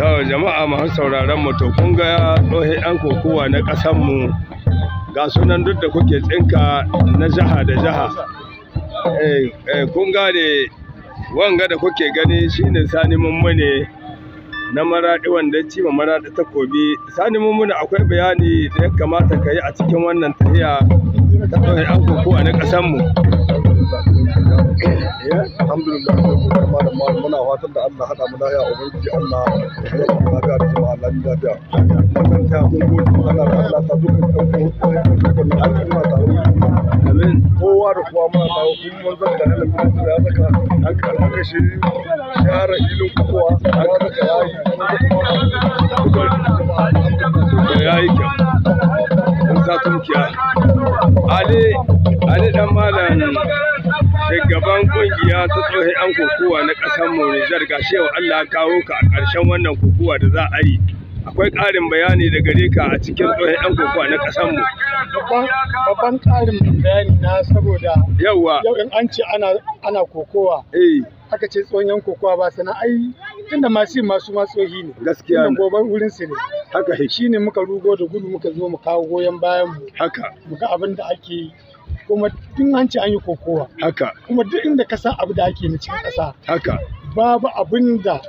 to jama'a masu sauraron mu to kun ga tsohe yan kokowa na ƙasar mu ga sunan duk da kuke tsinka na jaha da jaha eh, eh kun gane wanga da kuke gani shine sani mummune na maradi wanda ya maradi ta takobi sani mummune akwai bayani da ya kamata ka a cikin wannan tahiya ta tsohon an kokowa na ƙasar mu alhamdulillah sai mu da malam muna fatan da Allah hada mu lafiya ubangiji Allah ya ba mu da jama'a lafiya wannan ta mun Allah da Allah ta ta amin kowa da kowa muna tawo kun mun zan da nan an shi ilin kowa an yayi da yayi mun sa dan malam shugaban kungiya ta tsohon yan kokowa na kasar mu Nijar ga shewa Allah kawo ka a ƙarshen wannan kokowa da za a yi akwai ƙarin bayani da gare ka a cikin tsohon yan kokowa na kasar mu babban ƙarin bayani na saboda yawa yau an ce ana ana kokowa eh aka ce tsohon yan kokowa ba sana ai tunda masu masu matsohi ne gaskiya ne gobe wurin su ne haka shi ne muka rugo da gudu muka zo mu kawo goyen bayan mu haka muka abin da ake yi kuma tun an ce an yi kokowa haka kuma duk inda ka san abu da ake na cikin ƙasa haka babu abin da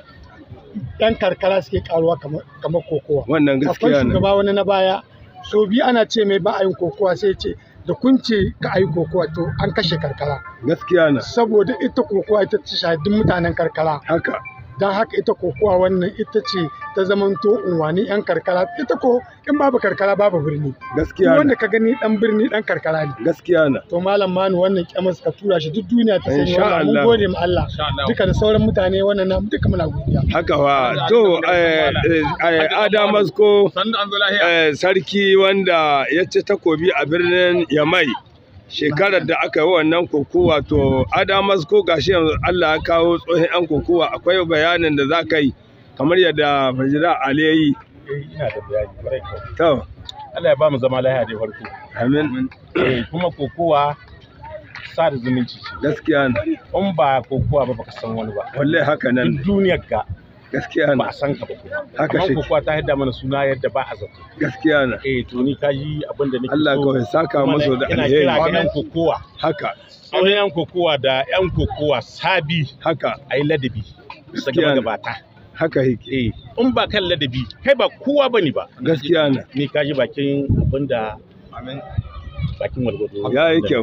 yan karkara suke karuwa kamar kokowa wannan gaskiya ne akwai shugaba wani na baya so bi ana ce mai ba a yin kokowa sai ce da kun ce ka yi kokowa to an kashe karkara gaskiya ne. saboda ita kokowa ita ce shahidin mutanen karkara haka don haka ita kuwa wannan ita ce ta zamanto unwani yan karkara ita ko in babu karkara babu birni gaskiya wanda ka gani dan birni dan karkara ne gaskiya na to malam manu wannan kyamas ka tura shi duk duniya ta sani wannan mun gode ma Allah duka da sauran mutane wannan na duka muna godiya haka wa to eh, eh, eh, Adamas ko sarki wanda ya ce takobi a birnin Yamai shekarar da aka yi wannan kokowa to adamas ko gashi yanzu Allah ya kawo tsohon yan kokowa akwai bayanin da za ka yi kamar yadda fajira Ali ya yi. Eh, ina da bayani To. Allah ya ba mu zama lahiya da farko. Amin. Eh, kuma kokowa sada zumunci Gaskiya ne. ba kokowa ba baka san wani ba. Wallahi haka nan. Duniyar ka gaskiya ne ba a san ka ba haka shi kuwa ta yadda mana suna yadda ba a zato gaskiya ne eh to ni ka yi abin da nake Allah kawai saka masa da alheri ina kira ga yan kokowa haka sai yan kokowa da yan kokowa sabi haka ai ladabi saka gabata haka yake eh in ba kan ladabi kai ba kowa bane ba gaskiya ne ni ka yi bakin abin da amin bakin walgwado ya yake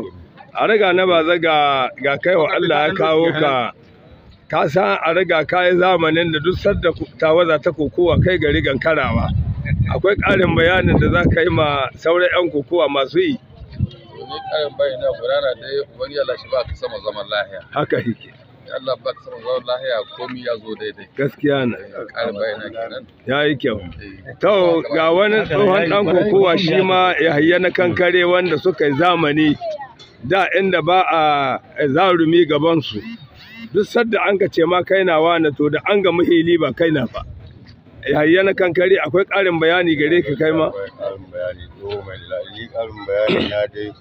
a riga na ba zaga ga kai wa Allah ya kawo ka ka san a riga kayan zamanin da duk sadda waza ta kokowa kai ga rigan karawa akwai ƙarin bayanin da za ka yi ma sauran 'yan kokowa masu yi ne ƙarin bayani na gudana ya wani Allah shi ba ka sama zaman lahiya haka yake Allah ba ka sama zaman lahiya komi ya zo daidai gaskiya na eh, ƙarin bayani kenan ya yi kyau eh. to ga wani tsohon ɗan kokowa shi ma ya na kankare wanda suka yi zamani da inda ba a eh, zarumi gabansu duk sadda an ka ce ma kai na to da an ga muhili ba kai na ba yayya na kankare akwai karin bayani gare ka kai ma karin bayani na dai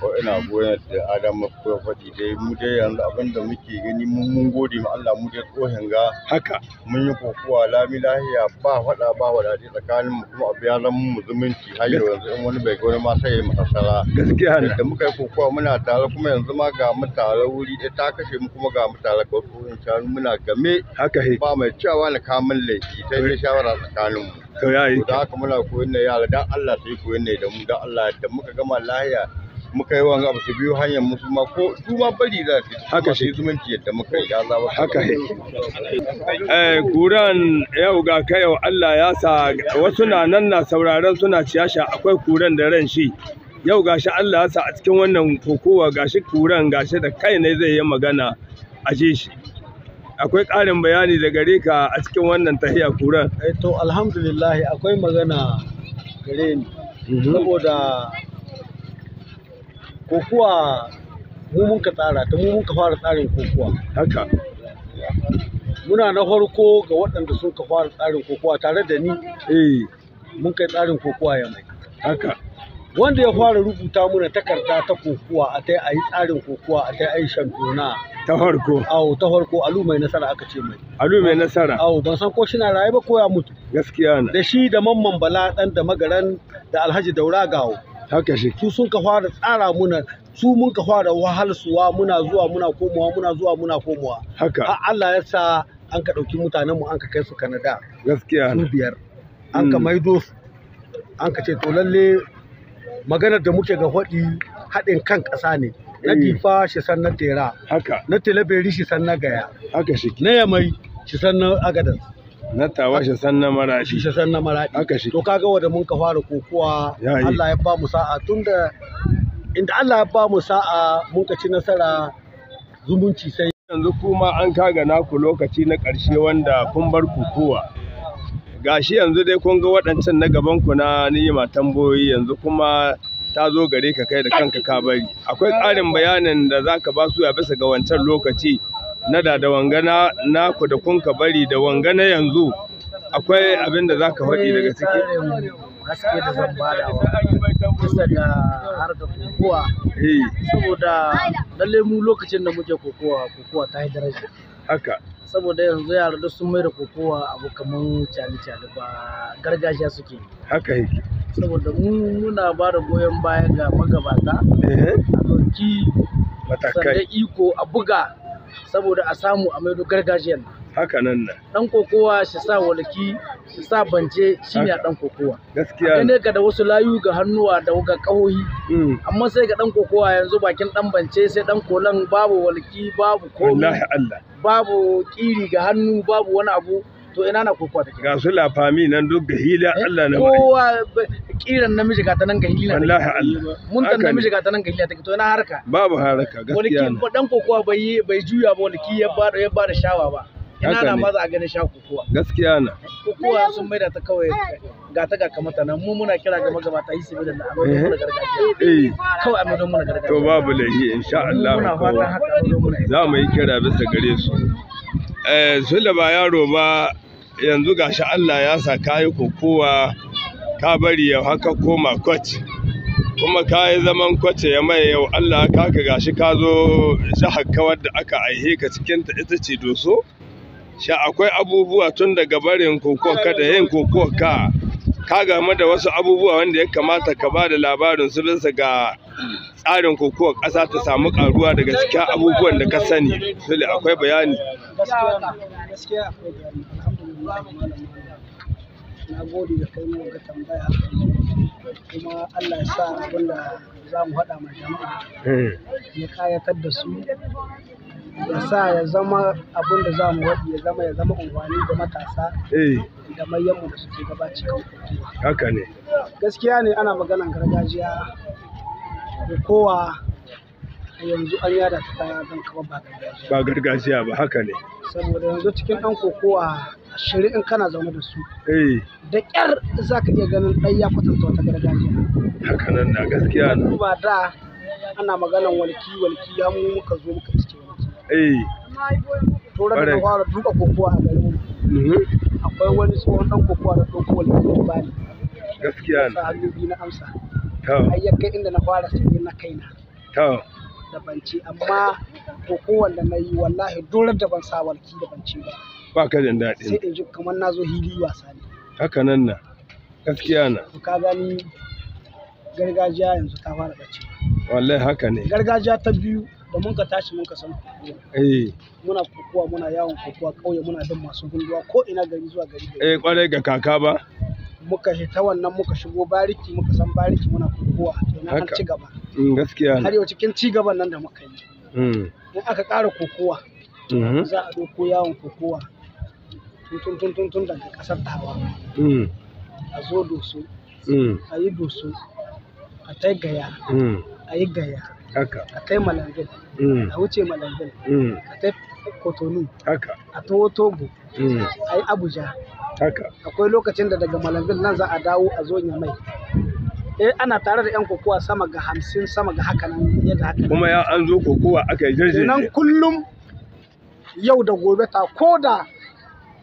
ko ina goyon da adam faɗi dai mu dai yanzu abin da muke gani mun mun gode ma Allah mu dai kohin ga haka mun yi kokuwa lami lahiya ba faɗa ba wadace tsakanin mu kuma abu ya zama mu zumunci har yau yanzu in wani bai gani ma sai ya masasara gaskiya ne da muka yi kokuwa muna tare kuma yanzu ma ga mu tare wuri ɗaya ta kashe mu kuma ga mu tare ga tsohon shanu muna game haka ba mai cewa na kamun laifi sai dai shawara tsakanin mu to yayi da haka muna koyon ne yara dan Allah sai koyon ne da mu dan Allah da muka gama lahiya muka yi wani abu su biyu hanyar musu ma ko su ma bari za su haka shi zumunci yadda muka yi ya zaba haka he eh kuran yau ga kai yau Allah ya sa wasu na nan na sauraron suna ciyasha akwai kuran da ran shi yau gashi Allah ya sa a cikin wannan kokowa gashi kuran gashi da kai ne zai yi magana a ji shi akwai ƙarin bayani da gare ka a cikin wannan tahiya kuran eh to alhamdulillah akwai magana gare ni mhm. saboda kokuwa mu mun ka tsara ta mu mun ka fara tsarin kokuwa haka muna na farko ga waɗanda sun ka fara tsarin kokuwa tare da ni eh mun kai tsarin kokuwa ya mai haka wanda ya fara rubuta muna takarda ta kokuwa a ta a yi tsarin kokuwa a ta a yi shantona ta farko awo ta farko alu mai nasara aka ce mai alu mai nasara awo ban san ko shina raye ba ko ya mutu gaskiya ne da shi da mamman bala dan da magaran da alhaji daura gawo haka shi su sun ka fara tsara muna su mun ka fara wahalsuwa muna zuwa muna komowa muna zuwa muna komowa haka Allah ya sa an ka ɗauki mutanen mu an ka kai su Canada gaskiya su biyar an ka mm. maido an ka ce to lalle maganar da muke ga faɗi haɗin kan ƙasa ne na difa eh. shi san na tera haka na teleberi shi san na gaya haka shi na yamai shi san na agadan na tawa san na maraɗi shi san na maraɗi haka shi to kaga wanda mun ka fara kokowa Allah ya ba mu sa'a tunda inda Allah ya ba mu sa'a mun ka ci nasara zumunci sai yanzu kuma an kaga naku lokaci na ƙarshe wanda kun bar kukuwa. gashi yanzu dai kun ga waɗancan na gaban ku na ni'ima tamboyi yanzu kuma ta zo gare ka kai da kanka ka bari akwai ƙarin bayanin da zaka ba su ya bisa ga wancan lokaci na da da wangana na ku da kun ka bari da wangana yanzu akwai abin da za ka faɗi daga ciki haske da zan bada kusa da har da kokowa eh. saboda lalle mu lokacin da muke kokowa kokowa ta yi daraja haka saboda yanzu yara duk sun mai da kokowa abu kamar cali-cali ba gargajiya suke haka yake saboda mu muna ba da goyon baya ga magabata eh. a ɗauki matakai iko a buga saboda a samu a maido gargajiyar haka nan nan dan kokowa shi sa walaki shi sa bance shine dan kokowa gaskiya ne ga da wasu layu ga hannuwa da ga kahohi mm. amma sai ga dan kokowa yanzu bakin dan bance sai dan kolan babu walaki babu komai Allah babu kiri ga hannu babu wani abu to ina na kokowa take ga su lafami nan duk ga hila eh, Allah na kowa kiran namiji ga tanan ga hilila wallahi Allah mun tan namiji ga tanan ga hilila take to ina harka babu harka gaskiya wani kin dan kokowa bai bai juya ba wani ki ya ba ya ba da shawa ba ina na maza a ganin sha kokowa gaskiya na kokowa sun maida ta kawai ga ta ga kamata nan mu muna kira ga magabata yi sabi da na da mun eh. gargajiya eh. kawai amma mun gargajiya to babu lahi insha Allah muna fatan haka za mu yi kira bisa gare su eh sulla ba yaro ba yanzu gashi Allah ya sa yi kokowa ka bari yau haka koma kwace kuma ka yi zaman kwace ya mai yau Allah ka ka gashi ka zo jihar kawar da aka aihe ka cikin ta ita ce doso sha akwai abubuwa tun daga barin kokoka da yin kokoka ka game da wasu abubuwa wanda ya kamata ka ba da labarin su bisa ga tsarin kokowar ƙasa ta samu ƙaruwa daga cikin abubuwan da ka sani. Sule akwai bayani. Gaskiya akwai bayani. na gode da kai mun ga tambaya kuma Allah ya sa abin da za mu haɗa ma jama'a ya kayatar da su ya sa ya zama abin da za mu waɗi ya zama ya zama unguwanni da matasa eh. da mayanmu da suke gabaci kan haka ne gaskiya ne ana maganan gargajiya kowa yanzu an yada ta kaya don kama ba gargajiya ba gargajiya ba haka ne saboda yanzu cikin ɗan kokowa shiri in kana zaune da su eh. da kyar za ka iya ganin ɗan ya kwatanta wata gargajiya hakanan na gaskiya na ba da ana maganan walki walki ya mu muka zo muka iske walki eh turan na fara duka kokowa a garin mhm. akwai wani tsohon ɗan kokowa da ɗauko walki da bani gaskiya na hannu biyu na amsa ai ya kai inda na fara sai na kaina da banci amma ko kowanne na yi wallahi dole da ban sa walki da banci ba ba ka jin daɗi sai in ji kamar na zo hili wasa ne haka nan na gaskiya na ka gani gargajiya yanzu ta fara bacci wallahi haka ne gargajiya ta biyu da mun ka tashi mun ka san eh muna kokowa muna yawon kokowa kauye muna dan masu gunduwa ko ina gari zuwa gari eh kwarai ga kaka ba muka shi ta wannan muka shigo bariki muka san bariki muna kokowa na an ci gaba mm, gaskiya har yau cikin ci gaban nan da muka yi mm. in aka ƙara kokowa mm-hmm. za a ɗauko yawon kokowa tun tun tun tun daga kasar tawa mm. a zo doso mm. a yi doso a tai gaya mm. a yi gaya a tai malangin a wuce malangin a tai kotonu a taho togo a yi abuja akwai lokacin da daga malangin nan za a dawo a zo nyamai eh ana tare da 'yan kokowa sama ga hamsin sama ga haka nan yadda haka kuma ya an zo kokowa aka yi jirgin nan kullum yau da gobe ta ko da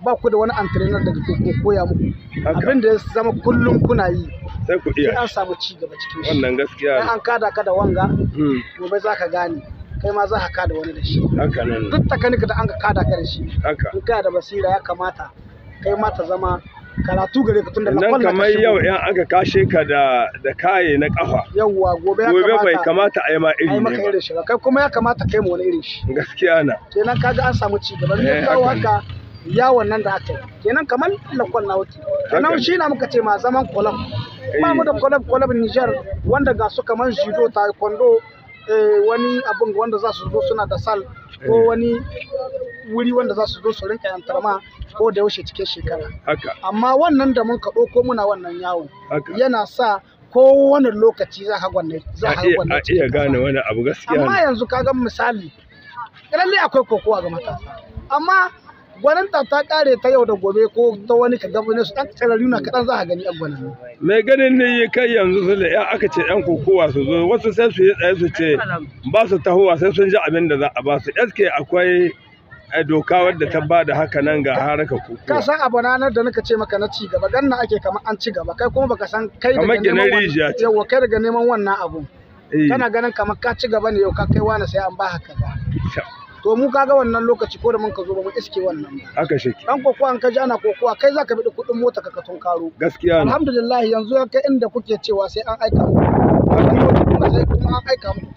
ba ku da wani antrenar da ke koya muku abin da ya zama kullum kuna yi sai ku iya an samu ci gaba cikin shi wannan gaskiya ne. an kada ka da wanga hmm. gobe za ka gane kai ma za ka kada wani da shi haka nan duk takanika da an ka kada ka da shi haka in kana da basira ya kamata kai ma ta zama karatu gare ka tunda nan kamar yau in aka kashe ka da da kaye na kafa yawwa gobe ya kamata. gobe bai kamata a yi ma iri ne kai kuma ya kamata kai mu wani irin shi gaskiya na kenan kaga an samu ci gaba ne eh, kawo haka yawon nan da aka yi kenan kamar lakon na wuce kenan shi na muka ce ma zaman kolam ba mu da eh. kolab kolab nijar wanda ga su kamar judo taekwondo eh, wani abin wanda za su zo suna da sal ko eh. wani wuri wanda za su zo su rinka yantarma ko da yaushe cikin shekara amma wannan da mun ka ɗauko muna wannan yawo yana sa kowane lokaci za ka gwanne za ka gwanne a iya gane wani abu gaskiya amma yanzu ka ga misali lalle akwai kokowa ga matasa amma gwaninta ta kare ta yau da gobe ko ta wani ka gabanin su ɗan tsararri na kaɗan za a gani a gwanin. mai ganin ne kai yanzu su da aka ce yan kokowa su zo wasu sai su yi tsaye su ce ba su tahowa sai sun ji abin da za a ba su sk akwai eh, doka wadda ta ba da haka nan ga haraka kokowa. ka san abu ranar da naka ce maka na ci gaba ganna ake kamar an ci gaba kai kuma baka san kai daga neman wannan yawa kai daga neman wannan abu eh. kana ganin kamar ka ci gaba ne yau ka kai wani sai an ba haka ba. to mu kaga wannan lokaci ko da mun ka zo ba mu iske wannan ba haka shi dan kokowa an kaji ana kokowa kai zaka bi kuɗin mota ka katon karo gaskiya alhamdulillah yanzu kai inda kuke cewa sai an aika mu sai kuma an aika mu